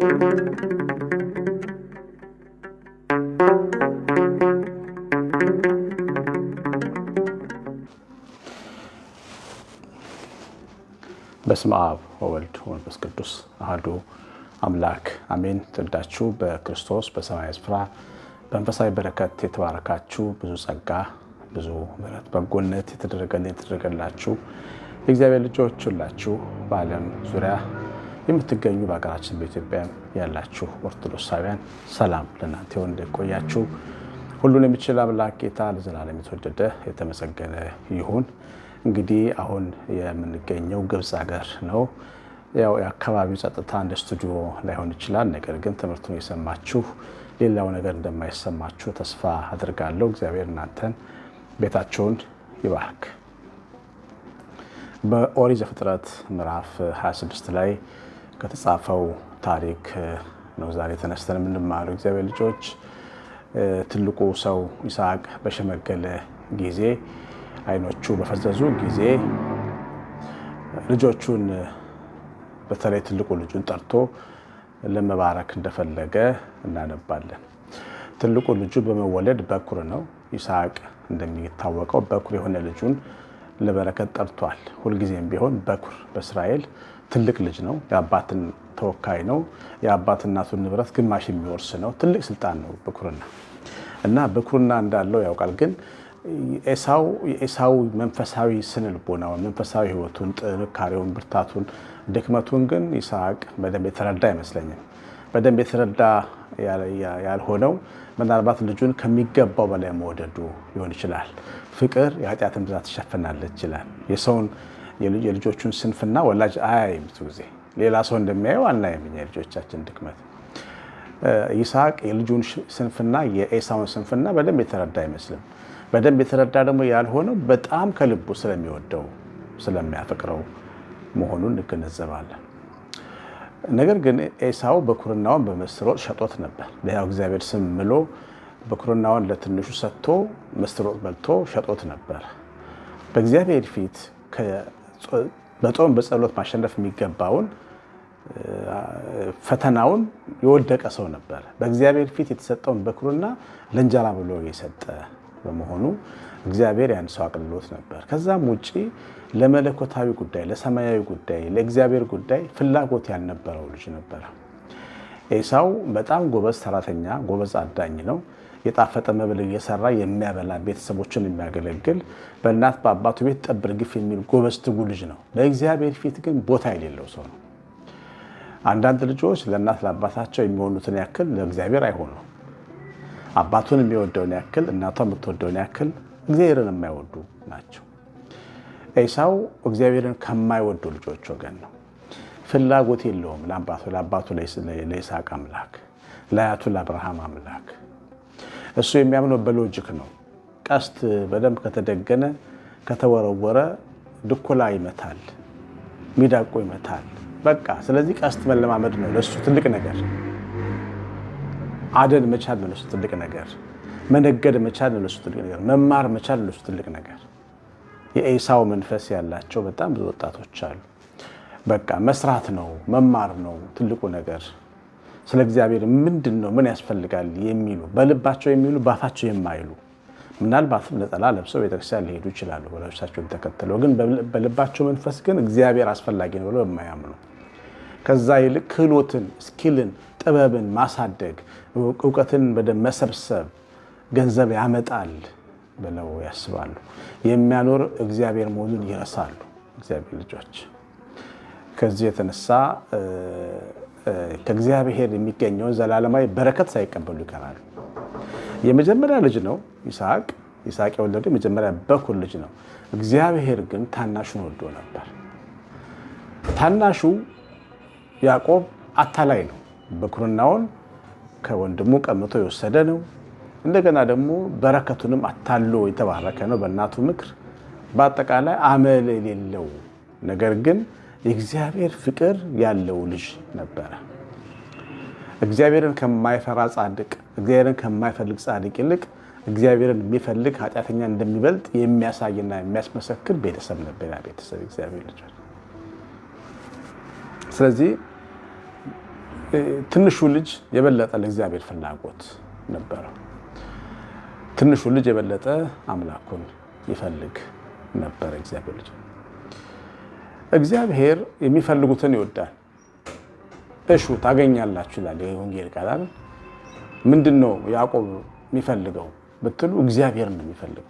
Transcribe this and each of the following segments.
በስመ አብ ወወልድ ወመንፈስ ቅዱስ አሐዱ አምላክ አሜን። ትወዳችሁ በክርስቶስ በሰማያዊ ስፍራ በመንፈሳዊ በረከት የተባረካችሁ ብዙ ጸጋ፣ ብዙ ምሕረት፣ በጎነት የተደረገ የተደረገላችሁ የእግዚአብሔር ልጆች ሁላችሁ በዓለም ዙሪያ የምትገኙ በሀገራችን በኢትዮጵያ ያላችሁ ኦርቶዶክሳውያን ሰላም ለእናንተ ይሁን። እንደቆያችሁ ሁሉን የሚችል አምላክ ጌታ ለዘላለም የተወደደ የተመሰገነ ይሁን። እንግዲህ አሁን የምንገኘው ግብፅ ሀገር ነው። ያው የአካባቢው ጸጥታ እንደ ስቱዲዮ ላይሆን ይችላል። ነገር ግን ትምህርቱን የሰማችሁ ሌላው ነገር እንደማይሰማችሁ ተስፋ አድርጋለሁ። እግዚአብሔር እናንተን ቤታችሁን ይባርክ። በኦሪት ዘፍጥረት ምዕራፍ 26 ላይ ከተጻፈው ታሪክ ነው ዛሬ ተነስተን የምንማረው። እግዚአብሔር ልጆች ትልቁ ሰው ይስሐቅ በሸመገለ ጊዜ፣ አይኖቹ በፈዘዙ ጊዜ ልጆቹን በተለይ ትልቁ ልጁን ጠርቶ ለመባረክ እንደፈለገ እናነባለን። ትልቁ ልጁ በመወለድ በኩር ነው። ይስሐቅ እንደሚታወቀው በኩር የሆነ ልጁን ለበረከት ጠርቷል። ሁልጊዜም ቢሆን በኩር በእስራኤል ትልቅ ልጅ ነው። የአባትን ተወካይ ነው። የአባት እናቱን ንብረት ግማሽ የሚወርስ ነው። ትልቅ ስልጣን ነው ብኩርና እና ብኩርና እንዳለው ያውቃል። ግን ኤሳው የኤሳው መንፈሳዊ ስነልቦናውን መንፈሳዊ ህይወቱን ጥንካሬውን፣ ብርታቱን፣ ድክመቱን ግን ይስሐቅ በደንብ የተረዳ አይመስለኝም። በደንብ የተረዳ ያልሆነው ምናልባት ልጁን ከሚገባው በላይ መወደዱ ሊሆን ይችላል። ፍቅር የኃጢአትን ብዛት ትሸፍናለች ይችላል። የሰውን የልጆቹን ስንፍና ወላጅ አያይም። ብዙ ጊዜ ሌላ ሰው እንደሚያየው አናይም። የልጆቻችን ድክመት ይስሐቅ የልጁን ስንፍና የኤሳውን ስንፍና በደንብ የተረዳ አይመስልም። በደንብ የተረዳ ደግሞ ያልሆነው በጣም ከልቡ ስለሚወደው ስለሚያፈቅረው መሆኑን እንገነዘባለን። ነገር ግን ኤሳው በኩርናውን በመስሮጥ ሸጦት ነበር። በያው እግዚአብሔር ስም ምሎ በኩርናውን ለትንሹ ሰጥቶ መስሮጥ በልቶ ሸጦት ነበር። በእግዚአብሔር ፊት በጾም በጸሎት ማሸነፍ የሚገባውን ፈተናውን የወደቀ ሰው ነበር። በእግዚአብሔር ፊት የተሰጠውን በኩርና ለእንጀራ ብሎ የሰጠ በመሆኑ እግዚአብሔር ያን ሰው አቅልሎት ነበር። ከዛም ውጭ ለመለኮታዊ ጉዳይ፣ ለሰማያዊ ጉዳይ፣ ለእግዚአብሔር ጉዳይ ፍላጎት ያልነበረው ልጅ ነበረ። ኤሳው በጣም ጎበዝ ሰራተኛ፣ ጎበዝ አዳኝ ነው። የጣፈጠ መብል እየሰራ የሚያበላ ቤተሰቦችን የሚያገለግል በእናት በአባቱ ቤት ጠብ ርግፍ የሚል ጎበዝ ትጉ ልጅ ነው። በእግዚአብሔር ፊት ግን ቦታ የሌለው ሰው ነው። አንዳንድ ልጆች ለእናት ለአባታቸው የሚሆኑትን ያክል ለእግዚአብሔር አይሆኑም። አባቱን የሚወደውን ያክል እናቷ የምትወደውን ያክል እግዚአብሔርን የማይወዱ ናቸው። ኤሳው እግዚአብሔርን ከማይወዱ ልጆች ወገን ነው። ፍላጎት የለውም ለአባቱ ለአባቱ ለይስሐቅ አምላክ ለአያቱ ለአብርሃም አምላክ። እሱ የሚያምነው በሎጂክ ነው። ቀስት በደንብ ከተደገነ ከተወረወረ ድኮላ ይመታል፣ ሚዳቆ ይመታል። በቃ ስለዚህ ቀስት መለማመድ ነው ለእሱ ትልቅ ነገር። አደን መቻል ለነሱ ትልቅ ነገር፣ መነገድ መቻል ለነሱ ትልቅ ነገር፣ መማር መቻል ለነሱ ትልቅ ነገር። የኤሳው መንፈስ ያላቸው በጣም ብዙ ወጣቶች አሉ። በቃ መስራት ነው መማር ነው ትልቁ ነገር፣ ስለ እግዚአብሔር ምንድን ነው ምን ያስፈልጋል የሚሉ በልባቸው የሚሉ ባፋቸው የማይሉ ምናልባትም ነጠላ ለብሰው ቤተክርስቲያን ሊሄዱ ይችላሉ፣ በለብሳቸውን ተከትለው ግን በልባቸው መንፈስ ግን እግዚአብሔር አስፈላጊ ነው ብለው የማያምኑ ከዛ ይልቅ ክህሎትን ስኪልን ጥበብን ማሳደግ፣ እውቀትን በደንብ መሰብሰብ ገንዘብ ያመጣል ብለው ያስባሉ። የሚያኖር እግዚአብሔር መሆኑን ይረሳሉ። እግዚአብሔር ልጆች ከዚህ የተነሳ ከእግዚአብሔር የሚገኘውን ዘላለማዊ በረከት ሳይቀበሉ ይቀራሉ። የመጀመሪያ ልጅ ነው ይስሐቅ። ይስሐቅ የወለደው የመጀመሪያ በኩር ልጅ ነው። እግዚአብሔር ግን ታናሹን ወዶ ነበር። ታናሹ ያዕቆብ አታላይ ነው። ብኩርናውን ከወንድሙ ቀምቶ የወሰደ ነው። እንደገና ደግሞ በረከቱንም አታሎ የተባረከ ነው በእናቱ ምክር። በአጠቃላይ አመል የሌለው ነገር ግን የእግዚአብሔር ፍቅር ያለው ልጅ ነበረ። እግዚአብሔርን ከማይፈራ ጻድቅ፣ እግዚአብሔርን ከማይፈልግ ጻድቅ ይልቅ እግዚአብሔርን የሚፈልግ ኃጢአተኛ እንደሚበልጥ የሚያሳይና የሚያስመሰክር ቤተሰብ ነበር ያ ቤተሰብ እግዚአብሔር ልጅ። ስለዚህ ትንሹ ልጅ የበለጠ ለእግዚአብሔር ፍላጎት ነበረ። ትንሹ ልጅ የበለጠ አምላኩን ይፈልግ ነበር። እግዚአብሔር ልጅ እግዚአብሔር የሚፈልጉትን ይወዳል። እሹ ታገኛላችሁ ይላል የወንጌል ቃል። ምንድን ነው ያዕቆብ የሚፈልገው ብትሉ እግዚአብሔር ነው የሚፈልገው።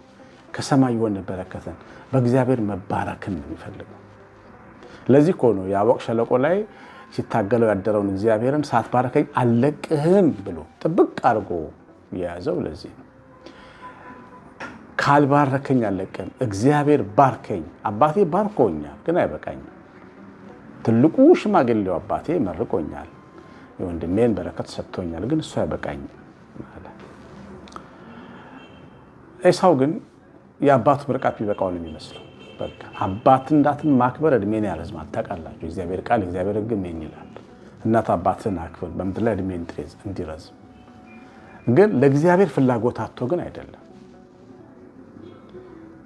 ከሰማይ የሆነ በረከትን በእግዚአብሔር መባረክን ነው የሚፈልገው። ለዚህ እኮ ነው የአቦቅ ሸለቆ ላይ ሲታገለው ያደረውን እግዚአብሔርን ሳትባርከኝ አልለቅህም ብሎ ጥብቅ አድርጎ የያዘው ለዚህ ነው። ካልባረከኝ አልለቅህም። እግዚአብሔር ባርከኝ። አባቴ ባርኮኛል፣ ግን አይበቃኝም። ትልቁ ሽማግሌው አባቴ መርቆኛል፣ የወንድሜን በረከት ሰጥቶኛል፣ ግን እሱ አይበቃኝም። ኤሳው ግን የአባቱ ምርቃት ቢበቃው ነው የሚመስለው በቃ አባት እናትን ማክበር እድሜን ያረዝማል። ታውቃላችሁ፣ እግዚአብሔር ቃል እግዚአብሔር ሕግ ምን ይላል? እናት አባትን አክብር በምድር ላይ እድሜን ትሬዝ እንዲረዝም። ግን ለእግዚአብሔር ፍላጎት አቶ ግን አይደለም።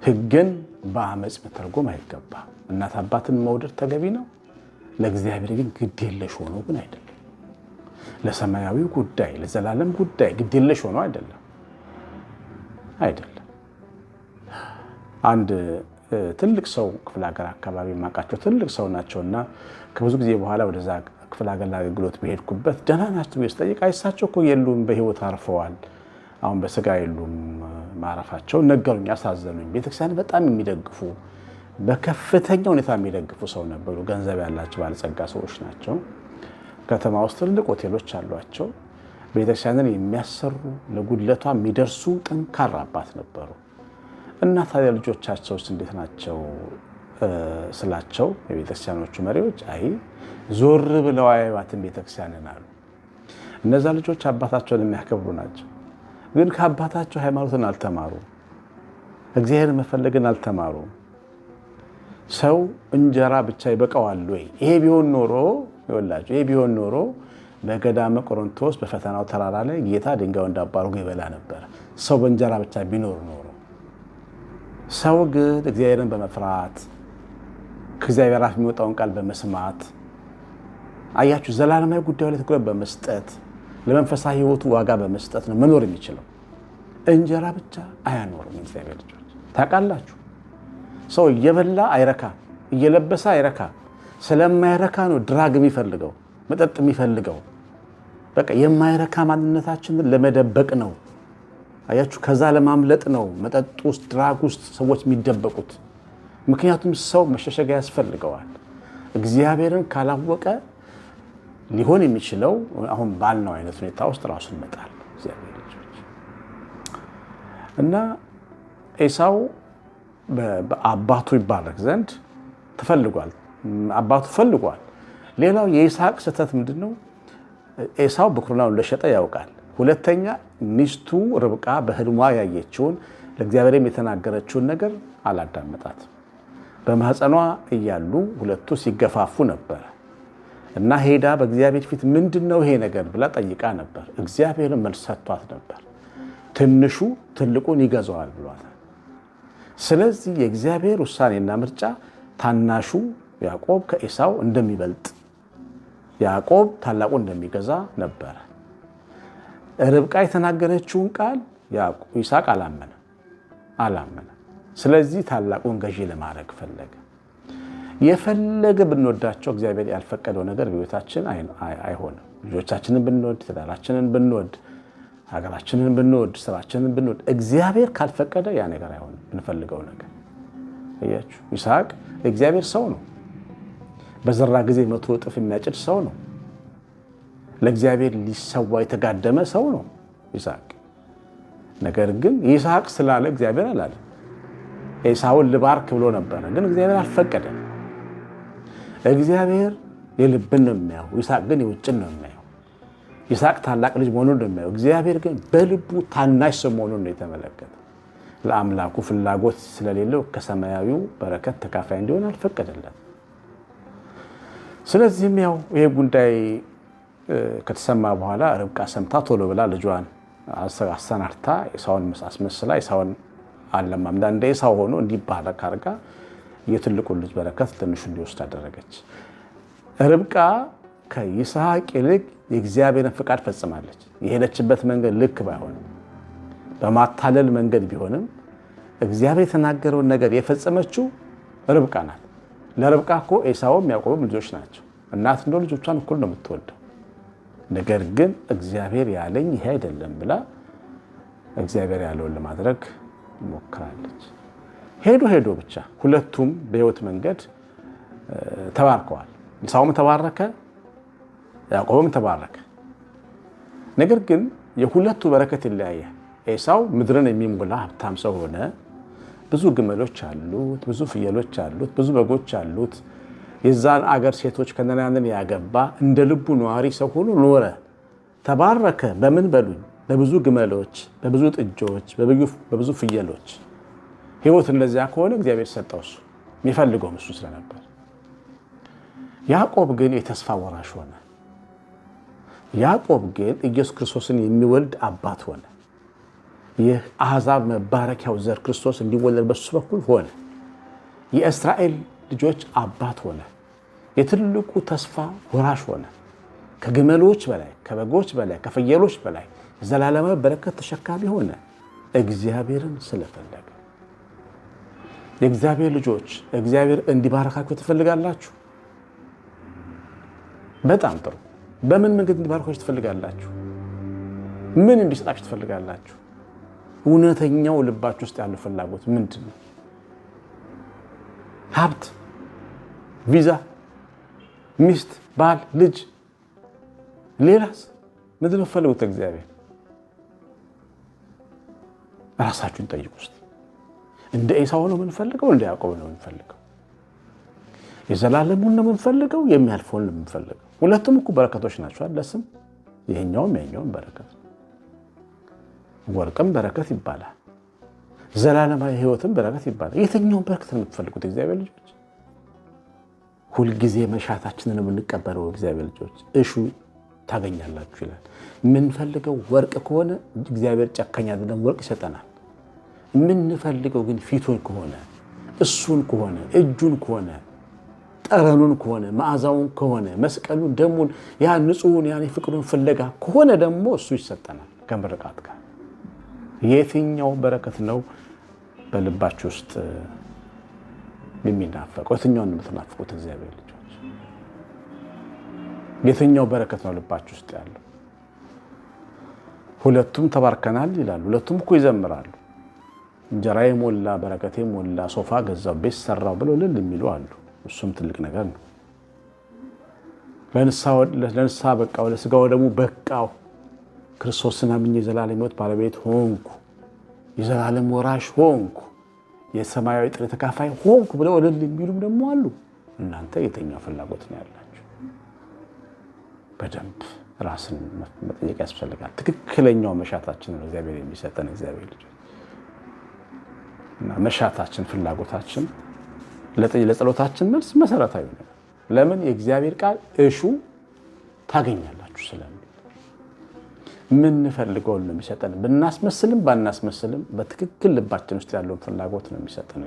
ሕግን በአመፅ መተርጎም አይገባ። እናት አባትን መውደድ ተገቢ ነው። ለእግዚአብሔር ግን ግድ የለሽ ሆኖ ግን አይደለም። ለሰማያዊ ጉዳይ ለዘላለም ጉዳይ ግድ የለሽ ሆኖ አይደለም አይደለም አንድ ትልቅ ሰው ክፍለ ሀገር አካባቢ የማውቃቸው ትልቅ ሰው ናቸው እና ከብዙ ጊዜ በኋላ ወደዛ ክፍለ ሀገር አገልግሎት በሄድኩበት ደህና ናቸው ስጠይቅ እሳቸው እኮ የሉም በህይወት አርፈዋል፣ አሁን በስጋ የሉም ማረፋቸው ነገሩኝ፣ አሳዘኑኝ። ቤተክርስቲያን በጣም የሚደግፉ በከፍተኛ ሁኔታ የሚደግፉ ሰው ነበሩ። ገንዘብ ያላቸው ባለጸጋ ሰዎች ናቸው። ከተማ ውስጥ ትልቅ ሆቴሎች አሏቸው። ቤተክርስቲያንን የሚያሰሩ ለጉድለቷ የሚደርሱ ጠንካራ አባት ነበሩ። እና ታዲያ ልጆቻቸውስ እንዴት ናቸው ስላቸው የቤተክርስቲያኖቹ መሪዎች አይ ዞር ብለው አይባትን ቤተክርስቲያንን አሉ። እነዛ ልጆች አባታቸውን የሚያከብሩ ናቸው፣ ግን ከአባታቸው ሃይማኖትን አልተማሩ፣ እግዚአብሔር መፈለግን አልተማሩ። ሰው እንጀራ ብቻ ይበቃዋል ወይ? ይሄ ቢሆን ኖሮ ይወላቸው ይሄ ቢሆን ኖሮ በገዳመ ቆሮንቶስ በፈተናው ተራራ ላይ ጌታ ድንጋዩ እንዳባረጉ ይበላ ነበር። ሰው በእንጀራ ብቻ ቢኖር ኖሮ ሰው ግን እግዚአብሔርን በመፍራት ከእግዚአብሔር አፍ የሚወጣውን ቃል በመስማት አያችሁ፣ ዘላለማዊ ጉዳዩ ላይ ትኩረት በመስጠት ለመንፈሳዊ ሕይወቱ ዋጋ በመስጠት ነው መኖር የሚችለው። እንጀራ ብቻ አያኖርም። እግዚአብሔር ልጆች ታውቃላችሁ፣ ሰው እየበላ አይረካ፣ እየለበሰ አይረካ። ስለማይረካ ነው ድራግ የሚፈልገው መጠጥ የሚፈልገው። በቃ የማይረካ ማንነታችንን ለመደበቅ ነው። አያችሁ፣ ከዛ ለማምለጥ ነው መጠጥ ውስጥ ድራግ ውስጥ ሰዎች የሚደበቁት። ምክንያቱም ሰው መሸሸጋ ያስፈልገዋል። እግዚአብሔርን ካላወቀ ሊሆን የሚችለው አሁን ባልነው አይነት ሁኔታ ውስጥ ራሱ ይመጣል። እና ኤሳው በአባቱ ይባረክ ዘንድ ተፈልጓል። አባቱ ፈልጓል። ሌላው የይስሐቅ ስህተት ምንድን ነው? ኤሳው ብኩርናውን እንደሸጠ ያውቃል። ሁለተኛ ሚስቱ ርብቃ በህልሟ ያየችውን ለእግዚአብሔርም የተናገረችውን ነገር አላዳመጣት። በማህፀኗ እያሉ ሁለቱ ሲገፋፉ ነበር። እና ሄዳ በእግዚአብሔር ፊት ምንድን ነው ይሄ ነገር ብላ ጠይቃ ነበር። እግዚአብሔርን መልስ ሰጥቷት ነበር። ትንሹ ትልቁን ይገዛዋል ብሏታል። ስለዚህ የእግዚአብሔር ውሳኔና ምርጫ ታናሹ ያዕቆብ ከኤሳው እንደሚበልጥ ያዕቆብ ታላቁ እንደሚገዛ ነበረ። ርብቃ የተናገረችውን ቃል ይስሐቅ አላመነ አላመነ። ስለዚህ ታላቁን ገዢ ለማድረግ ፈለገ። የፈለገ ብንወዳቸው እግዚአብሔር ያልፈቀደው ነገር በሕይወታችን አይሆንም። ልጆቻችንን ብንወድ፣ ትዳራችንን ብንወድ፣ ሀገራችንን ብንወድ፣ ስራችንን ብንወድ እግዚአብሔር ካልፈቀደ ያ ነገር አይሆንም። ብንፈልገው ነገር እያችሁ ይስሐቅ እግዚአብሔር ሰው ነው። በዘራ ጊዜ መቶ እጥፍ የሚያጭድ ሰው ነው። ለእግዚአብሔር ሊሰዋ የተጋደመ ሰው ነው ይስሐቅ። ነገር ግን ይስሐቅ ስላለ እግዚአብሔር አላለ። ኤሳውን ልባርክ ብሎ ነበረ፣ ግን እግዚአብሔር አልፈቀደም። እግዚአብሔር የልብን ነው የሚያየው፣ ይስሐቅ ግን የውጭን ነው የሚያየው። ይስሐቅ ታላቅ ልጅ መሆኑን ነው የሚያየው፣ እግዚአብሔር ግን በልቡ ታናሽ ሰው መሆኑን ነው የተመለከተ። ለአምላኩ ፍላጎት ስለሌለው ከሰማያዊው በረከት ተካፋይ እንዲሆን አልፈቀደለት። ስለዚህም ያው ይሄ ጉዳይ ከተሰማ በኋላ ርብቃ ሰምታ ቶሎ ብላ ልጇን አሰናድታ ኤሳውን አስመስላ ኤሳውን አለማ እንደ ኤሳው ሆኖ እንዲባለ ካርጋ የትልቁን ልጅ በረከት ትንሹ እንዲወስድ አደረገች። ርብቃ ከይስሐቅ ይልቅ የእግዚአብሔርን ፍቃድ ፈጽማለች። የሄደችበት መንገድ ልክ ባይሆንም በማታለል መንገድ ቢሆንም እግዚአብሔር የተናገረውን ነገር የፈጸመችው ርብቃ ናት። ለርብቃ እኮ ኤሳውም ያዕቆብም ልጆች ናቸው። እናት እንደ ልጆቿን እኩል ነው የምትወደው። ነገር ግን እግዚአብሔር ያለኝ ይሄ አይደለም ብላ እግዚአብሔር ያለውን ለማድረግ ሞክራለች። ሄዶ ሄዶ ብቻ ሁለቱም በህይወት መንገድ ተባርከዋል። ኢሳውም ተባረከ፣ ያዕቆብም ተባረከ። ነገር ግን የሁለቱ በረከት ይለያየ። ኤሳው ምድርን የሚሞላ ሀብታም ሰው ሆነ። ብዙ ግመሎች አሉት፣ ብዙ ፍየሎች አሉት፣ ብዙ በጎች አሉት። የዛን አገር ሴቶች ከነናንን ያገባ እንደ ልቡ ነዋሪ ሰው ሁሉ ኖረ፣ ተባረከ። በምን በሉኝ? በብዙ ግመሎች፣ በብዙ ጥጆች፣ በብዙ ፍየሎች። ህይወት እንደዚያ ከሆነ እግዚአብሔር ሰጠው። እሱ የሚፈልገው እሱ ስለነበር። ያዕቆብ ግን የተስፋ ወራሽ ሆነ። ያዕቆብ ግን ኢየሱስ ክርስቶስን የሚወልድ አባት ሆነ። ይህ አሕዛብ መባረኪያው ዘር ክርስቶስ እንዲወለድ በሱ በኩል ሆነ። የእስራኤል ልጆች አባት ሆነ። የትልቁ ተስፋ ወራሽ ሆነ። ከግመሎች በላይ ከበጎች በላይ ከፍየሎች በላይ ዘላለማዊ በረከት ተሸካሚ ሆነ። እግዚአብሔርን ስለፈለገ የእግዚአብሔር ልጆች እግዚአብሔር እንዲባረካችሁ ትፈልጋላችሁ? በጣም ጥሩ። በምን መንገድ እንዲባረካችሁ ትፈልጋላችሁ? ምን እንዲሰጣችሁ ትፈልጋላችሁ? እውነተኛው ልባችሁ ውስጥ ያለው ፍላጎት ምንድን ነው? ሀብት፣ ቪዛ፣ ሚስት፣ ባል፣ ልጅ፣ ሌላስ ምንድን ነው የምትፈልጉት? እግዚአብሔር ራሳችሁን ጠይቁ ውስጥ እንደ ኤሳው ነው የምንፈልገው? እንደ ያዕቆብ ነው የምንፈልገው? የዘላለሙን ነው የምንፈልገው? የሚያልፈውን ነው የምንፈልገው? ሁለቱም እኮ በረከቶች ናቸው። ለስም ይሄኛውም ያኛውም በረከት፣ ወርቅም በረከት ይባላል ዘላለማዊ ህይወትን በረከት ይባላል። የትኛውን በረከት ነው የምትፈልጉት? እግዚአብሔር ልጆች ሁልጊዜ መሻታችንን የምንቀበለው እግዚአብሔር ልጆች እሹ ታገኛላችሁ ይላል። የምንፈልገው ወርቅ ከሆነ እግዚአብሔር ጨካኝ አይደለም፣ ወርቅ ይሰጠናል። የምንፈልገው ግን ፊቱን ከሆነ እሱን ከሆነ እጁን ከሆነ ጠረኑን ከሆነ መዓዛውን ከሆነ መስቀሉን፣ ደሙን ያ ንጹሕን ያ ፍቅሩን ፍለጋ ከሆነ ደግሞ እሱ ይሰጠናል ከምርቃት ጋር የትኛው በረከት ነው በልባችሁ ውስጥ የሚናፈቀው? የትኛውን የምትናፍቁት? እግዚአብሔር ልጆች የትኛው በረከት ነው ልባችሁ ውስጥ ያለው? ሁለቱም ተባርከናል ይላሉ። ሁለቱም እኮ ይዘምራሉ። እንጀራ የሞላ በረከት የሞላ ሶፋ ገዛው ቤት ሰራው ብለው ልል የሚሉ አሉ። እሱም ትልቅ ነገር ነው። ለንሳ በቃው፣ ለስጋው ደግሞ በቃው ክርስቶስን አምኜ የዘላለም ሕይወት ባለቤት ሆንኩ፣ የዘላለም ወራሽ ሆንኩ፣ የሰማያዊ ጥሪ ተካፋይ ሆንኩ ብለው እልል የሚሉም ደግሞ አሉ። እናንተ የተኛው ፍላጎት ነው ያላችሁ። በደንብ ራስን መጠየቅ ያስፈልጋል። ትክክለኛው መሻታችን ነው እግዚአብሔር የሚሰጠን። እግዚአብሔር ልጆች እና መሻታችን ፍላጎታችን ለጸሎታችን መልስ መሰረታዊ ነው። ለምን የእግዚአብሔር ቃል እሹ ታገኛላችሁ ስለ የምንፈልገውን ነው የሚሰጠን። ብናስመስልም ባናስመስልም በትክክል ልባችን ውስጥ ያለውን ፍላጎት ነው የሚሰጠን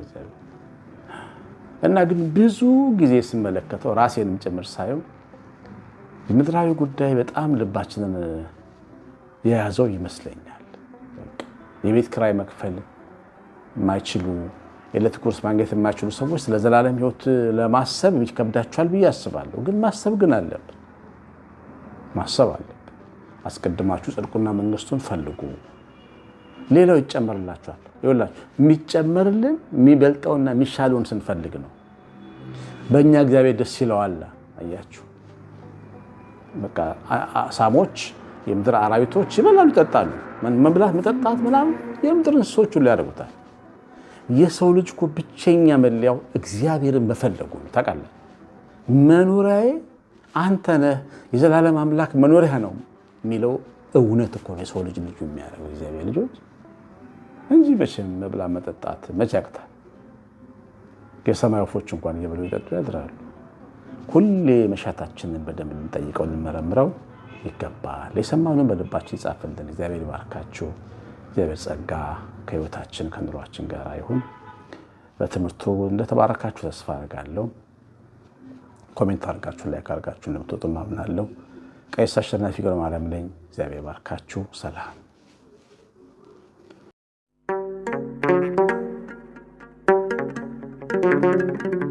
እና ግን ብዙ ጊዜ ስመለከተው ራሴንም ጭምር ሳየው የምድራዊ ጉዳይ በጣም ልባችንን የያዘው ይመስለኛል። የቤት ክራይ መክፈል የማይችሉ የዕለት ጉርስ ማግኘት የማይችሉ ሰዎች ስለ ዘላለም ሕይወት ለማሰብ ይከብዳቸዋል ብዬ አስባለሁ። ግን ማሰብ ግን አለብን፣ ማሰብ አለብን። አስቀድማችሁ ጽድቁና መንግስቱን ፈልጉ፣ ሌላው ይጨመርላችኋል። ይኸውላችሁ የሚጨመርልን የሚበልጠውና የሚሻለውን ስንፈልግ ነው። በእኛ እግዚአብሔር ደስ ይለዋል። አያችሁ፣ በቃ አሳሞች፣ የምድር አራዊቶች ይበላሉ፣ ይጠጣሉ። መብላት፣ መጠጣት ምናምን የምድር እንስሶች ሁሉ ያደርጉታል። የሰው ልጅ እኮ ብቸኛ መለያው እግዚአብሔርን መፈለጉ ነው። ታውቃለህ፣ መኖሪያዬ አንተ ነህ፣ የዘላለም አምላክ መኖሪያ ነው የሚለው እውነት እኮ ነው የሰው ልጅ ልጁ የሚያደርገው እግዚአብሔር ልጆች እንጂ መቼም መብላ መጠጣት መቼ ያቅታል? የሰማይ ወፎች እንኳን እየበሉ ይጠጡ ያድራሉ። ሁሌ መሻታችንን በደንብ ልንጠይቀው ልንመረምረው ይገባል። የሰማነውን በልባችን ይጻፍልን። እግዚአብሔር ይባርካችሁ። እግዚአብሔር ጸጋ ከህይወታችን ከኑሯችን ጋር ይሁን። በትምህርቱ እንደተባረካችሁ ተስፋ አድርጋለሁ። ኮሜንት አድርጋችሁ ላይክ አድርጋችሁ እንደምትወጡ ማምናለሁ። ቀሲስ አሸናፊ ገብረ ማርያም ነኝ። እግዚአብሔር ባርካችሁ። ሰላም thank you